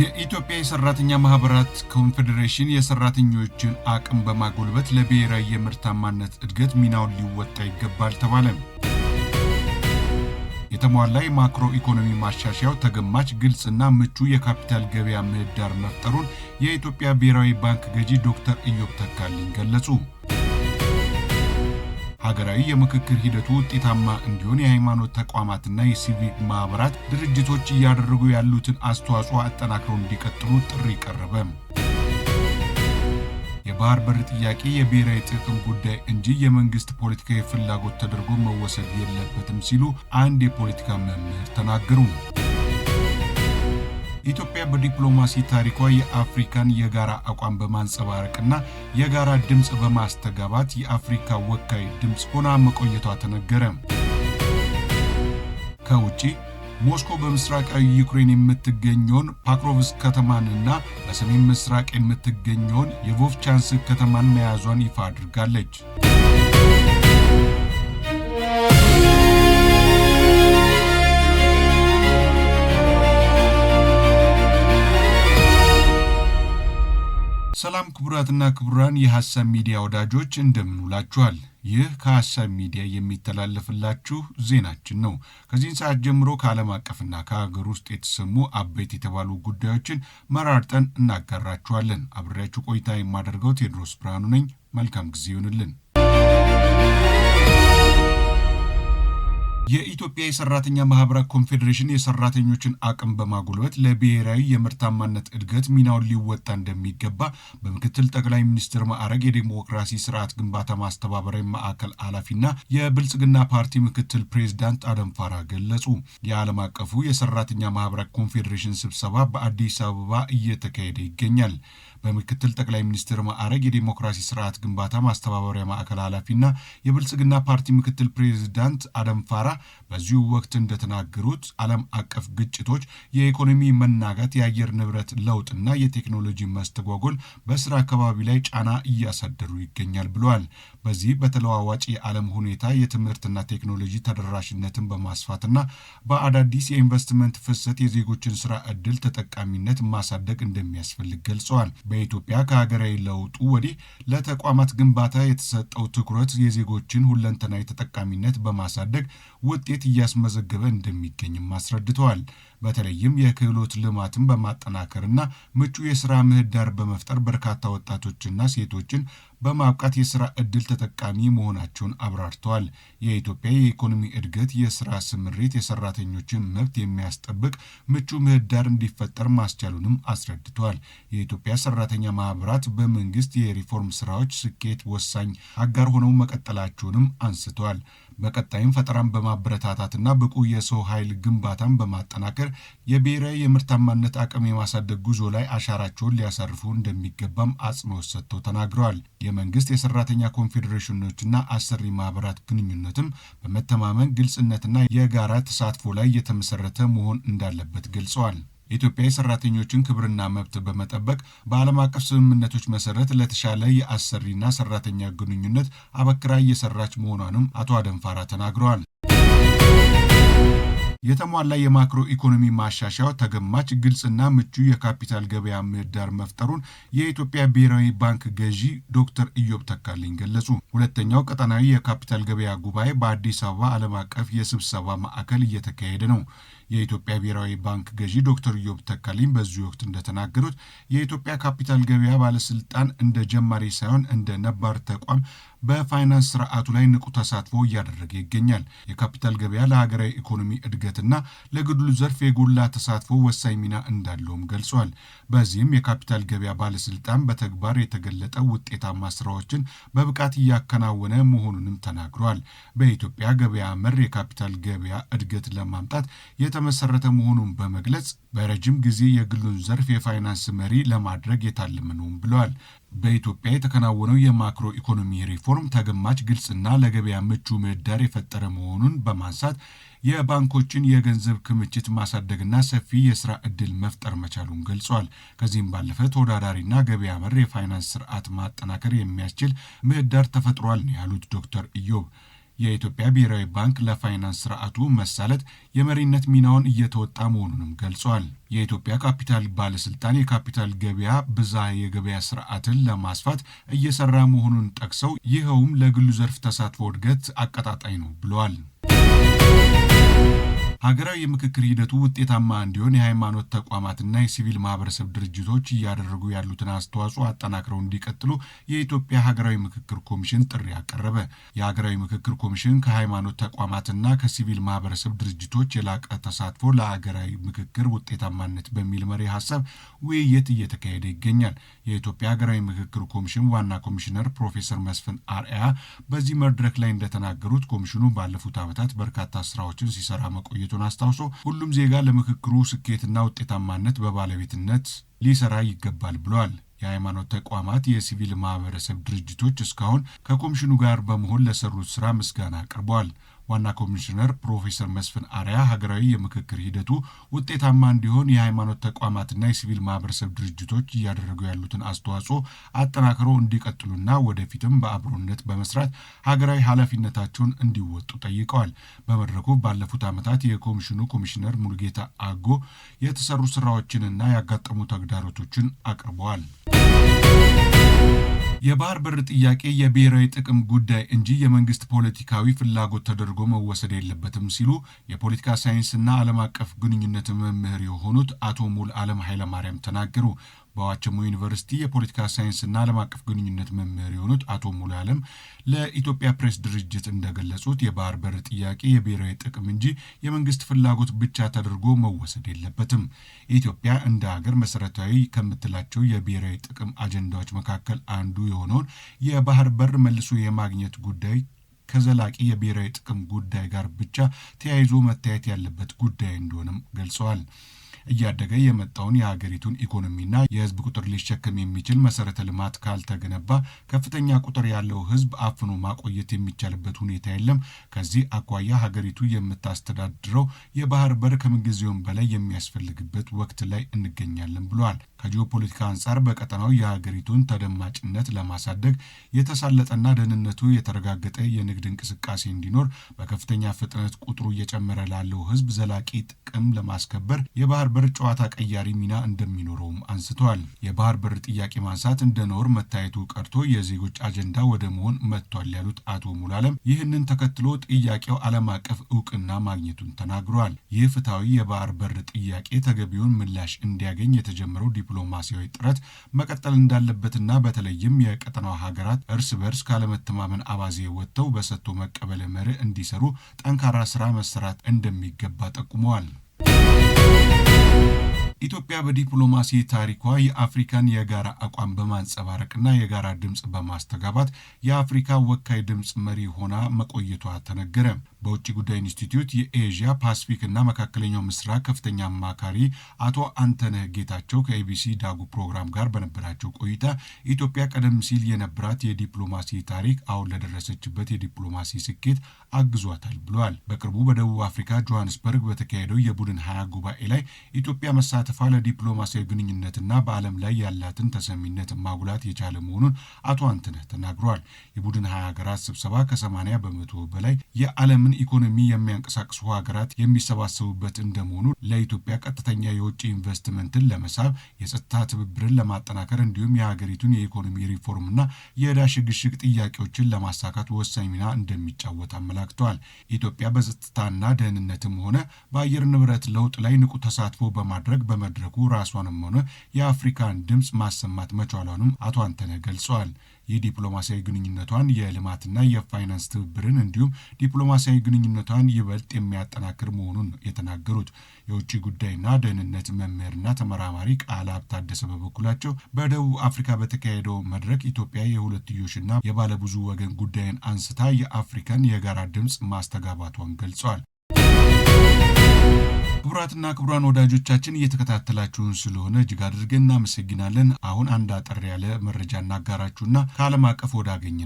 የኢትዮጵያ የሰራተኛ ማህበራት ኮንፌዴሬሽን የሰራተኞችን አቅም በማጎልበት ለብሔራዊ የምርታማነት እድገት ሚናውን ሊወጣ ይገባል ተባለ። የተሟላ የማክሮ ኢኮኖሚ ማሻሻያው ተገማች፣ ግልጽና ምቹ የካፒታል ገበያ ምህዳር መፍጠሩን የኢትዮጵያ ብሔራዊ ባንክ ገዢ ዶክተር ኢዮብ ተካልኝ ገለጹ። ሀገራዊ የምክክር ሂደቱ ውጤታማ እንዲሆን የሃይማኖት ተቋማትና የሲቪክ ማህበራት ድርጅቶች እያደረጉ ያሉትን አስተዋጽኦ አጠናክረው እንዲቀጥሉ ጥሪ ቀረበ። የባህር በር ጥያቄ የብሔራዊ ጥቅም ጉዳይ እንጂ የመንግስት ፖለቲካዊ ፍላጎት ተደርጎ መወሰድ የለበትም ሲሉ አንድ የፖለቲካ መምህር ተናገሩ። ኢትዮጵያ በዲፕሎማሲ ታሪኳ የአፍሪካን የጋራ አቋም በማንጸባረቅና የጋራ ድምፅ በማስተጋባት የአፍሪካ ወካይ ድምፅ ሆና መቆየቷ ተነገረ። ከውጪ ሞስኮ በምስራቃዊ ዩክሬን የምትገኘውን ፓክሮቭስክ ከተማንና በሰሜን ምስራቅ የምትገኘውን የቮቭቻንስክ ከተማን መያዟን ይፋ አድርጋለች። ሰላም ክቡራትና ክቡራን የሐሳብ ሚዲያ ወዳጆች እንደምንውላችኋል። ይህ ከሐሳብ ሚዲያ የሚተላለፍላችሁ ዜናችን ነው። ከዚህን ሰዓት ጀምሮ ከዓለም አቀፍና ከሀገር ውስጥ የተሰሙ አበይት የተባሉ ጉዳዮችን መራርጠን እናጋራችኋለን። አብሬያችሁ ቆይታ የማደርገው ቴድሮስ ብርሃኑ ነኝ። መልካም ጊዜ ይሆንልን። የኢትዮጵያ የሰራተኛ ማህበራት ኮንፌዴሬሽን የሰራተኞችን አቅም በማጉልበት ለብሔራዊ የምርታማነት እድገት ሚናውን ሊወጣ እንደሚገባ በምክትል ጠቅላይ ሚኒስትር ማዕረግ የዴሞክራሲ ስርዓት ግንባታ ማስተባበሪያ ማዕከል ኃላፊና የብልጽግና ፓርቲ ምክትል ፕሬዚዳንት አደም ፋራ ገለጹ። የዓለም አቀፉ የሰራተኛ ማህበራት ኮንፌዴሬሽን ስብሰባ በአዲስ አበባ እየተካሄደ ይገኛል። በምክትል ጠቅላይ ሚኒስትር ማዕረግ የዴሞክራሲ ስርዓት ግንባታ ማስተባበሪያ ማዕከል ኃላፊና የብልጽግና ፓርቲ ምክትል ፕሬዚዳንት አደም ፋራ በዚሁ ወቅት እንደተናገሩት ዓለም አቀፍ ግጭቶች፣ የኢኮኖሚ መናጋት፣ የአየር ንብረት ለውጥና የቴክኖሎጂ መስተጓጎል በስራ አካባቢ ላይ ጫና እያሳደሩ ይገኛል ብለዋል። በዚህ በተለዋዋጭ የዓለም ሁኔታ የትምህርትና ቴክኖሎጂ ተደራሽነትን በማስፋትና በአዳዲስ የኢንቨስትመንት ፍሰት የዜጎችን ስራ ዕድል ተጠቃሚነት ማሳደግ እንደሚያስፈልግ ገልጸዋል። በኢትዮጵያ ከሀገራዊ ለውጡ ወዲህ ለተቋማት ግንባታ የተሰጠው ትኩረት የዜጎችን ሁለንተናዊ ተጠቃሚነት በማሳደግ ውጤት እያስመዘገበ እንደሚገኝም አስረድተዋል። በተለይም የክህሎት ልማትን በማጠናከርና ምቹ የስራ ምህዳር በመፍጠር በርካታ ወጣቶችና ሴቶችን በማብቃት የስራ እድል ተጠቃሚ መሆናቸውን አብራርተዋል። የኢትዮጵያ የኢኮኖሚ እድገት፣ የስራ ስምሪት፣ የሰራተኞችን መብት የሚያስጠብቅ ምቹ ምህዳር እንዲፈጠር ማስቻሉንም አስረድተዋል። የኢትዮጵያ የሰራተኛ ማህበራት በመንግስት የሪፎርም ስራዎች ስኬት ወሳኝ አጋር ሆነው መቀጠላቸውንም አንስተዋል። በቀጣይም ፈጠራን በማበረታታትና ብቁ የሰው ኃይል ግንባታን በማጠናከር የብሔራዊ የምርታማነት አቅም የማሳደግ ጉዞ ላይ አሻራቸውን ሊያሳርፉ እንደሚገባም አጽንኦት ሰጥተው ተናግረዋል። የመንግስት የሰራተኛ ኮንፌዴሬሽኖችና አሰሪ ማህበራት ግንኙነትም በመተማመን ግልጽነትና የጋራ ተሳትፎ ላይ የተመሰረተ መሆን እንዳለበት ገልጸዋል። የኢትዮጵያ የሰራተኞችን ክብርና መብት በመጠበቅ በዓለም አቀፍ ስምምነቶች መሰረት ለተሻለ የአሰሪና ሰራተኛ ግንኙነት አበክራ እየሰራች መሆኗንም አቶ አደንፋራ ተናግረዋል። የተሟላ የማክሮ ኢኮኖሚ ማሻሻያ ተገማች፣ ግልጽና ምቹ የካፒታል ገበያ ምህዳር መፍጠሩን የኢትዮጵያ ብሔራዊ ባንክ ገዢ ዶክተር ኢዮብ ተካልኝ ገለጹ። ሁለተኛው ቀጠናዊ የካፒታል ገበያ ጉባኤ በአዲስ አበባ ዓለም አቀፍ የስብሰባ ማዕከል እየተካሄደ ነው። የኢትዮጵያ ብሔራዊ ባንክ ገዢ ዶክተር ኢዮብ ተካልኝ በዚህ ወቅት እንደተናገሩት የኢትዮጵያ ካፒታል ገበያ ባለስልጣን እንደ ጀማሪ ሳይሆን እንደ ነባር ተቋም በፋይናንስ ስርዓቱ ላይ ንቁ ተሳትፎ እያደረገ ይገኛል። የካፒታል ገበያ ለሀገራዊ ኢኮኖሚ እድገትና ለግሉ ዘርፍ የጎላ ተሳትፎ ወሳኝ ሚና እንዳለውም ገልጿል። በዚህም የካፒታል ገበያ ባለስልጣን በተግባር የተገለጠ ውጤታማ ስራዎችን በብቃት እያከናወነ መሆኑንም ተናግሯል። በኢትዮጵያ ገበያ መር የካፒታል ገበያ እድገት ለማምጣት የተመሰረተ መሆኑን በመግለጽ በረጅም ጊዜ የግሉን ዘርፍ የፋይናንስ መሪ ለማድረግ የታለመ ነውም ብለዋል። በኢትዮጵያ የተከናወነው የማክሮ ኢኮኖሚ ሪፎርም ተገማች፣ ግልጽና ለገበያ ምቹ ምህዳር የፈጠረ መሆኑን በማንሳት የባንኮችን የገንዘብ ክምችት ማሳደግና ሰፊ የስራ ዕድል መፍጠር መቻሉን ገልጿል። ከዚህም ባለፈ ተወዳዳሪና ገበያ መር የፋይናንስ ስርዓት ማጠናከር የሚያስችል ምህዳር ተፈጥሯል ነው ያሉት ዶክተር ኢዮብ የኢትዮጵያ ብሔራዊ ባንክ ለፋይናንስ ስርዓቱ መሳለጥ የመሪነት ሚናውን እየተወጣ መሆኑንም ገልጿል። የኢትዮጵያ ካፒታል ባለስልጣን የካፒታል ገበያ ብዝሃ የገበያ ስርዓትን ለማስፋት እየሰራ መሆኑን ጠቅሰው ይኸውም ለግሉ ዘርፍ ተሳትፎ እድገት አቀጣጣይ ነው ብለዋል። ሀገራዊ የምክክር ሂደቱ ውጤታማ እንዲሆን የሃይማኖት ተቋማትና የሲቪል ማህበረሰብ ድርጅቶች እያደረጉ ያሉትን አስተዋጽኦ አጠናክረው እንዲቀጥሉ የኢትዮጵያ ሀገራዊ ምክክር ኮሚሽን ጥሪ አቀረበ። የሀገራዊ ምክክር ኮሚሽን ከሃይማኖት ተቋማትና ከሲቪል ማህበረሰብ ድርጅቶች የላቀ ተሳትፎ ለሀገራዊ ምክክር ውጤታማነት በሚል መሪ ሀሳብ ውይይት እየተካሄደ ይገኛል። የኢትዮጵያ ሀገራዊ ምክክር ኮሚሽን ዋና ኮሚሽነር ፕሮፌሰር መስፍን አርአያ በዚህ መድረክ ላይ እንደተናገሩት ኮሚሽኑ ባለፉት ዓመታት በርካታ ስራዎችን ሲሰራ መቆየት መቆየቱን አስታውሶ ሁሉም ዜጋ ለምክክሩ ስኬትና ውጤታማነት በባለቤትነት ሊሰራ ይገባል ብሏል። የሃይማኖት ተቋማት፣ የሲቪል ማህበረሰብ ድርጅቶች እስካሁን ከኮሚሽኑ ጋር በመሆን ለሰሩት ስራ ምስጋና አቅርበዋል። ዋና ኮሚሽነር ፕሮፌሰር መስፍን አሪያ ሀገራዊ የምክክር ሂደቱ ውጤታማ እንዲሆን የሃይማኖት ተቋማትና የሲቪል ማህበረሰብ ድርጅቶች እያደረጉ ያሉትን አስተዋጽኦ አጠናክረው እንዲቀጥሉና ወደፊትም በአብሮነት በመስራት ሀገራዊ ኃላፊነታቸውን እንዲወጡ ጠይቀዋል። በመድረኩ ባለፉት ዓመታት የኮሚሽኑ ኮሚሽነር ሙሉጌታ አጎ የተሰሩ ስራዎችንና ያጋጠሙ ተግዳሮቶችን አቅርበዋል። የባህር በር ጥያቄ የብሔራዊ ጥቅም ጉዳይ እንጂ የመንግስት ፖለቲካዊ ፍላጎት ተደርጎ መወሰድ የለበትም ሲሉ የፖለቲካ ሳይንስና ዓለም አቀፍ ግንኙነት መምህር የሆኑት አቶ ሙል አለም ኃይለማርያም ተናገሩ። በዋቸሞ ዩኒቨርሲቲ የፖለቲካ ሳይንስና ዓለም አቀፍ ግንኙነት መምህር የሆኑት አቶ ሙሉ አለም ለኢትዮጵያ ፕሬስ ድርጅት እንደገለጹት የባህር በር ጥያቄ የብሔራዊ ጥቅም እንጂ የመንግስት ፍላጎት ብቻ ተደርጎ መወሰድ የለበትም። ኢትዮጵያ እንደ ሀገር መሰረታዊ ከምትላቸው የብሔራዊ ጥቅም አጀንዳዎች መካከል አንዱ የሆነውን የባህር በር መልሶ የማግኘት ጉዳይ ከዘላቂ የብሔራዊ ጥቅም ጉዳይ ጋር ብቻ ተያይዞ መታየት ያለበት ጉዳይ እንደሆነም ገልጸዋል። እያደገ የመጣውን የሀገሪቱን ኢኮኖሚና የህዝብ ቁጥር ሊሸከም የሚችል መሰረተ ልማት ካልተገነባ ከፍተኛ ቁጥር ያለው ህዝብ አፍኖ ማቆየት የሚቻልበት ሁኔታ የለም። ከዚህ አኳያ ሀገሪቱ የምታስተዳድረው የባህር በር ከምንጊዜውም በላይ የሚያስፈልግበት ወቅት ላይ እንገኛለን ብለዋል። ከጂኦፖለቲካ አንጻር በቀጠናው የሀገሪቱን ተደማጭነት ለማሳደግ የተሳለጠና ደህንነቱ የተረጋገጠ የንግድ እንቅስቃሴ እንዲኖር በከፍተኛ ፍጥነት ቁጥሩ እየጨመረ ላለው ህዝብ ዘላቂ ጥቅም ለማስከበር የባህር በር ጨዋታ ቀያሪ ሚና እንደሚኖረውም አንስተዋል። የባህር በር ጥያቄ ማንሳት እንደ ኖር መታየቱ ቀርቶ የዜጎች አጀንዳ ወደ መሆን መጥቷል ያሉት አቶ ሙሉዓለም ይህንን ተከትሎ ጥያቄው ዓለም አቀፍ እውቅና ማግኘቱን ተናግረዋል። ይህ ፍትሐዊ የባህር በር ጥያቄ ተገቢውን ምላሽ እንዲያገኝ የተጀመረው ዲፕሎማሲያዊ ጥረት መቀጠል እንዳለበትና በተለይም የቀጠናው ሀገራት እርስ በርስ ካለመተማመን አባዜ ወጥተው በሰጥቶ መቀበል መርህ እንዲሰሩ ጠንካራ ስራ መሰራት እንደሚገባ ጠቁመዋል። ኢትዮጵያ በዲፕሎማሲ ታሪኳ የአፍሪካን የጋራ አቋም በማንጸባረቅና የጋራ ድምፅ በማስተጋባት የአፍሪካ ወካይ ድምፅ መሪ ሆና መቆየቷ ተነገረ። በውጭ ጉዳይ ኢንስቲትዩት የኤዥያ ፓስፊክ እና መካከለኛው ምስራቅ ከፍተኛ አማካሪ አቶ አንተነህ ጌታቸው ከኤቢሲ ዳጉ ፕሮግራም ጋር በነበራቸው ቆይታ ኢትዮጵያ ቀደም ሲል የነበራት የዲፕሎማሲ ታሪክ አሁን ለደረሰችበት የዲፕሎማሲ ስኬት አግዟታል ብለዋል። በቅርቡ በደቡብ አፍሪካ ጆሃንስበርግ በተካሄደው የቡድን ሀያ ጉባኤ ላይ ኢትዮጵያ መሳተፏ ለዲፕሎማሲያዊ ግንኙነትና በዓለም ላይ ያላትን ተሰሚነት ማጉላት የቻለ መሆኑን አቶ አንተነህ ተናግረዋል። የቡድን ሀያ ሀገራት ስብሰባ ከሰማንያ በመቶ በላይ የዓለም የዓለምን ኢኮኖሚ የሚያንቀሳቅሱ ሀገራት የሚሰባሰቡበት እንደመሆኑ ለኢትዮጵያ ቀጥተኛ የውጭ ኢንቨስትመንትን ለመሳብ የጸጥታ ትብብርን ለማጠናከር እንዲሁም የሀገሪቱን የኢኮኖሚ ሪፎርምና የዕዳ ሽግሽግ ጥያቄዎችን ለማሳካት ወሳኝ ሚና እንደሚጫወት አመላክተዋል። ኢትዮጵያ በጸጥታና ደህንነትም ሆነ በአየር ንብረት ለውጥ ላይ ንቁ ተሳትፎ በማድረግ በመድረኩ ራሷንም ሆነ የአፍሪካን ድምፅ ማሰማት መቻሏንም አቶ አንተነህ ገልጸዋል። የዲፕሎማሲያዊ ግንኙነቷን የልማትና የፋይናንስ ትብብርን እንዲሁም ዲፕሎማሲያዊ ግንኙነቷን ይበልጥ የሚያጠናክር መሆኑን የተናገሩት። የውጭ ጉዳይና ደህንነት መምህርና ተመራማሪ ቃል ሀብት ታደሰ በበኩላቸው በደቡብ አፍሪካ በተካሄደው መድረክ ኢትዮጵያ የሁለትዮሽና የባለብዙ ወገን ጉዳይን አንስታ የአፍሪካን የጋራ ድምፅ ማስተጋባቷን ገልጸዋል። ክቡራትና ክቡራን ወዳጆቻችን እየተከታተላችሁን ስለሆነ እጅግ አድርገን እናመሰግናለን። አሁን አንድ አጠር ያለ መረጃ እናጋራችሁና ከዓለም አቀፍ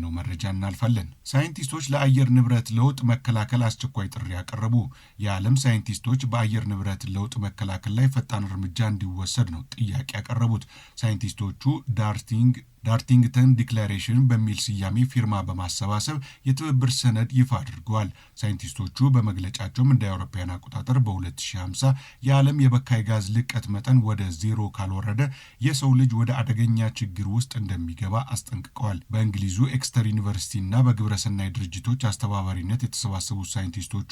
ነው መረጃ እናልፋለን። ሳይንቲስቶች ለአየር ንብረት ለውጥ መከላከል አስቸኳይ ጥሪ ያቀረቡ። የዓለም ሳይንቲስቶች በአየር ንብረት ለውጥ መከላከል ላይ ፈጣን እርምጃ እንዲወሰድ ነው ጥያቄ ያቀረቡት። ሳይንቲስቶቹ ዳርቲንግ ዳርቲንግተን ዲክላሬሽን በሚል ስያሜ ፊርማ በማሰባሰብ የትብብር ሰነድ ይፋ አድርገዋል። ሳይንቲስቶቹ በመግለጫቸውም እንደ አውሮፓውያን አቆጣጠር በ2050 የዓለም የበካይ ጋዝ ልቀት መጠን ወደ ዜሮ ካልወረደ የሰው ልጅ ወደ አደገኛ ችግር ውስጥ እንደሚገባ አስጠንቅቀዋል። በእንግሊዙ ኤክስተር ዩኒቨርሲቲና በግብረሰናይ ድርጅቶች አስተባባሪነት የተሰባሰቡት ሳይንቲስቶቹ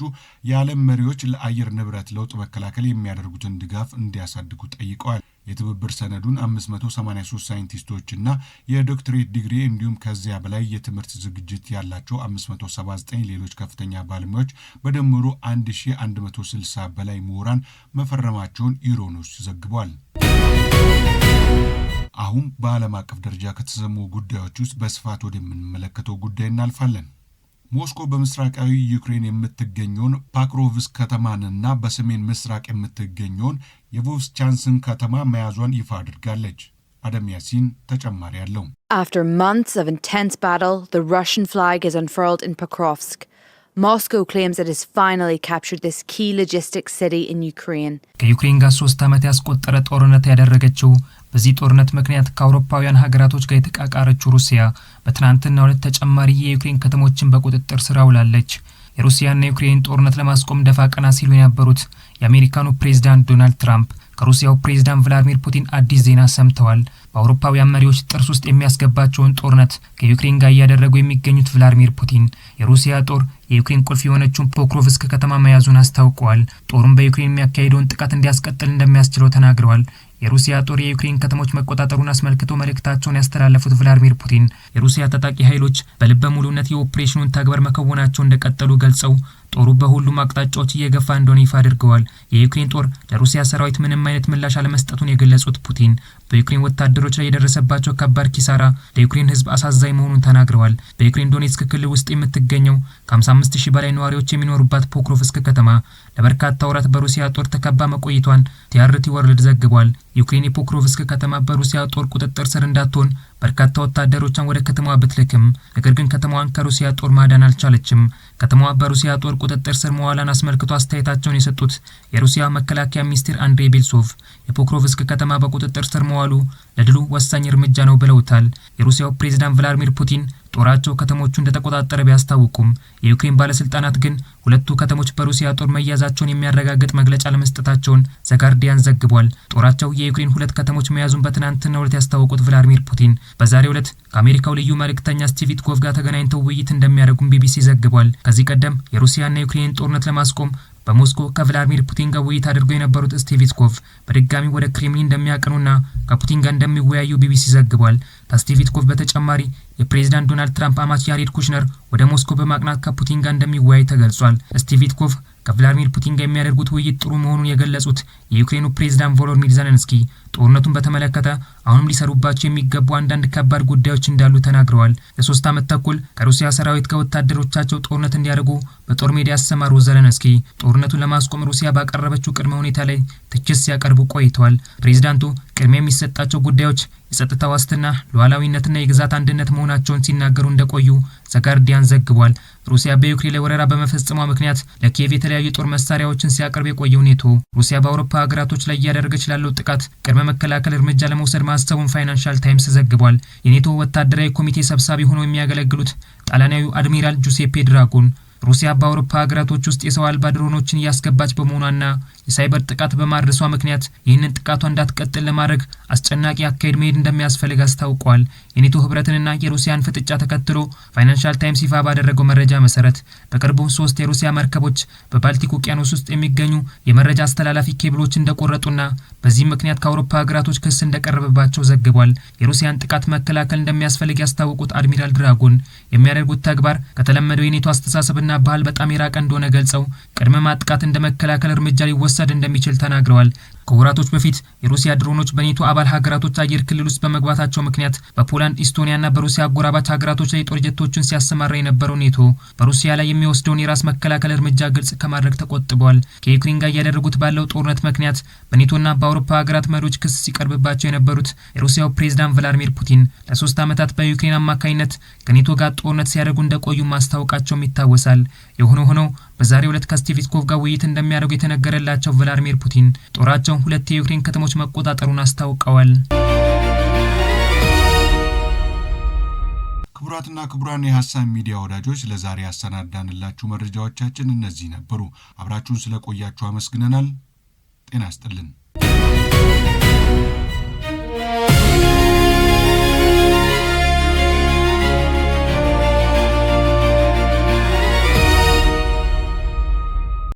የዓለም መሪዎች ለአየር ንብረት ለውጥ መከላከል የሚያደርጉትን ድጋፍ እንዲያሳድጉ ጠይቀዋል። የትብብር ሰነዱን 583 ሳይንቲስቶችና የዶክትሬት ዲግሪ እንዲሁም ከዚያ በላይ የትምህርት ዝግጅት ያላቸው 579 ሌሎች ከፍተኛ ባለሙያዎች በደምሩ 1160 በላይ ምሁራን መፈረማቸውን ኢሮኒውስ ዘግቧል። አሁን በዓለም አቀፍ ደረጃ ከተሰሙ ጉዳዮች ውስጥ በስፋት ወደምንመለከተው ጉዳይ እናልፋለን። ሞስኮ በምስራቃዊ ዩክሬን የምትገኘውን ፓክሮቭስክ ከተማንና በሰሜን ምስራቅ የምትገኘውን የቮስቻንስን ከተማ መያዟን ይፋ አድርጋለች። አደም ያሲን ተጨማሪ አለው። After months of intense battle, the Russian flag is unfurled in Pokrovsk. Moscow claims it has finally captured this key logistics city in Ukraine. ከዩክሬን ጋር ሶስት ዓመት ያስቆጠረ ጦርነት ያደረገችው በዚህ ጦርነት ምክንያት ከአውሮፓውያን ሀገራቶች ጋር የተቃቃረችው ሩሲያ በትናንትና ሁለት ተጨማሪ የዩክሬን ከተሞችን በቁጥጥር ስር አውላለች። የሩሲያና የዩክሬን ጦርነት ለማስቆም ደፋ ቀና ሲሉ የነበሩት የአሜሪካኑ ፕሬዚዳንት ዶናልድ ትራምፕ ከሩሲያው ፕሬዚዳንት ቭላዲሚር ፑቲን አዲስ ዜና ሰምተዋል። በአውሮፓውያን መሪዎች ጥርስ ውስጥ የሚያስገባቸውን ጦርነት ከዩክሬን ጋር እያደረጉ የሚገኙት ቭላዲሚር ፑቲን የሩሲያ ጦር የዩክሬን ቁልፍ የሆነችውን ፖክሮቭስክ ከተማ መያዙን አስታውቀዋል። ጦሩም በዩክሬን የሚያካሄደውን ጥቃት እንዲያስቀጥል እንደሚያስችለው ተናግረዋል። የሩሲያ ጦር የዩክሬን ከተሞች መቆጣጠሩን አስመልክቶ መልእክታቸውን ያስተላለፉት ቭላድሚር ፑቲን የሩሲያ ታጣቂ ኃይሎች በልበ ሙሉነት የኦፕሬሽኑን ተግባር መከወናቸው እንደቀጠሉ ገልጸው ጦሩ በሁሉም አቅጣጫዎች እየገፋ እንደሆነ ይፋ አድርገዋል። የዩክሬን ጦር ለሩሲያ ሰራዊት ምንም አይነት ምላሽ አለመስጠቱን የገለጹት ፑቲን በዩክሬን ወታደሮች ላይ የደረሰባቸው ከባድ ኪሳራ ለዩክሬን ሕዝብ አሳዛኝ መሆኑን ተናግረዋል። በዩክሬን ዶኔትስክ ክልል ውስጥ የምትገኘው ከ55 ሺህ በላይ ነዋሪዎች የሚኖሩባት ፖክሮቭስክ ከተማ ለበርካታ ወራት በሩሲያ ጦር ተከባ መቆይቷን ቲአርቲ ወርልድ ዘግቧል። ዩክሬን የፖክሮቭስክ ከተማ በሩሲያ ጦር ቁጥጥር ስር እንዳትሆን በርካታ ወታደሮቿን ወደ ከተማዋ ብትልክም ነገር ግን ከተማዋን ከሩሲያ ጦር ማዳን አልቻለችም። ከተማዋ በሩሲያ ጦር ቁጥጥር ስር መዋላን አስመልክቶ አስተያየታቸውን የሰጡት የሩሲያ መከላከያ ሚኒስትር አንድሬ ቤልሶቭ የፖክሮቭስክ ከተማ በቁጥጥር ስር መዋሉ ለድሉ ወሳኝ እርምጃ ነው ብለውታል። የሩሲያው ፕሬዚዳንት ቭላዲሚር ፑቲን ጦራቸው ከተሞቹ እንደተቆጣጠረ ቢያስታውቁም የዩክሬን ባለስልጣናት ግን ሁለቱ ከተሞች በሩሲያ ጦር መያዛቸውን የሚያረጋግጥ መግለጫ ለመስጠታቸውን ዘጋርዲያን ዘግቧል። ጦራቸው የዩክሬን ሁለት ከተሞች መያዙን በትናንትናው ዕለት ያስታወቁት ቭላዲሚር ፑቲን በዛሬው ዕለት ከአሜሪካው ልዩ መልእክተኛ ስቲቭ ጋር ተገናኝተው ውይይት እንደሚያደርጉም ቢቢሲ ዘግቧል። ከዚህ ቀደም የሩሲያና የዩክሬን ጦርነት ለማስቆም በሞስኮ ከቭላዲሚር ፑቲን ጋር ውይይት አድርገው የነበሩት ስቴቪትኮቭ በድጋሚ ወደ ክሬምሊን እንደሚያቀኑና ከፑቲን ጋር እንደሚወያዩ ቢቢሲ ዘግቧል። ከስቲቭ በተጨማሪ የፕሬዚዳንት ዶናልድ ትራምፕ አማች ያሬድ ኩሽነር ወደ ሞስኮ በማቅናት ከፑቲን ጋር እንደሚወያይ ተገልጿል። ስቴቪትኮቭ ዊትኮቭ ፑቲን ጋር የሚያደርጉት ውይይት ጥሩ መሆኑን የገለጹት የዩክሬኑ ፕሬዚዳንት ቮሎዲሚር ዘለንስኪ ጦርነቱን በተመለከተ አሁንም ሊሰሩባቸው የሚገቡ አንዳንድ ከባድ ጉዳዮች እንዳሉ ተናግረዋል። ለሶስት ዓመት ተኩል ከሩሲያ ሰራዊት ከወታደሮቻቸው ጦርነት እንዲያደርጉ በጦር ሜዳ ያሰማሩ ዘለንስኪ ጦርነቱን ለማስቆም ሩሲያ ባቀረበችው ቅድመ ሁኔታ ላይ ትችት ሲያቀርቡ ቆይተዋል። ፕሬዚዳንቱ ቅድሚያ የሚሰጣቸው ጉዳዮች የጸጥታ ዋስትና፣ ሉዓላዊነትና የግዛት አንድነት መሆናቸውን ሲናገሩ እንደቆዩ ዘጋርዲያን ዘግቧል። ሩሲያ በዩክሬን ላይ ወረራ በመፈጸሟ ምክንያት ለኪየቭ የተለያዩ የጦር መሳሪያዎችን ሲያቀርብ የቆየው ኔቶ ሩሲያ በአውሮፓ ሀገራቶች ላይ እያደረገች ላለው ጥቃት ቅድመ በመከላከል እርምጃ ለመውሰድ ማሰቡን ፋይናንሻል ታይምስ ዘግቧል። የኔቶ ወታደራዊ ኮሚቴ ሰብሳቢ ሆነው የሚያገለግሉት ጣሊያናዊው አድሚራል ጁሴፔ ድራጎን ሩሲያ በአውሮፓ ሀገራቶች ውስጥ የሰው አልባ ድሮኖችን እያስገባች በመሆኗና የሳይበር ጥቃት በማድረሷ ምክንያት ይህንን ጥቃቷ እንዳትቀጥል ለማድረግ አስጨናቂ አካሄድ መሄድ እንደሚያስፈልግ አስታውቋል። የኔቶ ህብረትንና የሩሲያን ፍጥጫ ተከትሎ ፋይናንሻል ታይምስ ይፋ ባደረገው መረጃ መሰረት በቅርቡ ሶስት የሩሲያ መርከቦች በባልቲክ ውቅያኖስ ውስጥ የሚገኙ የመረጃ አስተላላፊ ኬብሎች እንደቆረጡና በዚህም ምክንያት ከአውሮፓ ሀገራቶች ክስ እንደቀረበባቸው ዘግቧል። የሩሲያን ጥቃት መከላከል እንደሚያስፈልግ ያስታወቁት አድሚራል ድራጎን የሚያደርጉት ተግባር ከተለመደው የኔቶ አስተሳሰብና ባህል በጣም የራቀ እንደሆነ ገልጸው ቅድመ ማጥቃት እንደ መከላከል እርምጃ ሊወሰድ ሊወሰድ እንደሚችል ተናግረዋል። ከወራቶች በፊት የሩሲያ ድሮኖች በኔቶ አባል ሀገራቶች አየር ክልል ውስጥ በመግባታቸው ምክንያት በፖላንድ፣ ኢስቶኒያና በሩሲያ አጎራባች ሀገራቶች ላይ ጦር ጀቶችን ሲያሰማራ የነበረው ኔቶ በሩሲያ ላይ የሚወስደውን የራስ መከላከል እርምጃ ግልጽ ከማድረግ ተቆጥቧል። ከዩክሬን ጋር እያደረጉት ባለው ጦርነት ምክንያት በኔቶና በአውሮፓ ሀገራት መሪዎች ክስ ሲቀርብባቸው የነበሩት የሩሲያው ፕሬዝዳንት ቭላዲሚር ፑቲን ለሶስት ዓመታት በዩክሬን አማካኝነት ከኔቶ ጋር ጦርነት ሲያደርጉ እንደቆዩ ማስታወቃቸውም ይታወሳል። የሆነ ሆነው በዛሬው ዕለት ከስቲቪትኮቭ ጋር ውይይት እንደሚያደርጉ የተነገረላቸው ቭላዲሚር ፑቲን ጦራቸው ሁለት የዩክሬን ከተሞች መቆጣጠሩን አስታውቀዋል። ክቡራትና ክቡራን የሀሳብ ሚዲያ ወዳጆች ለዛሬ ያሰናዳንላችሁ መረጃዎቻችን እነዚህ ነበሩ። አብራችሁን ስለቆያችሁ አመስግነናል። ጤና ይስጥልን።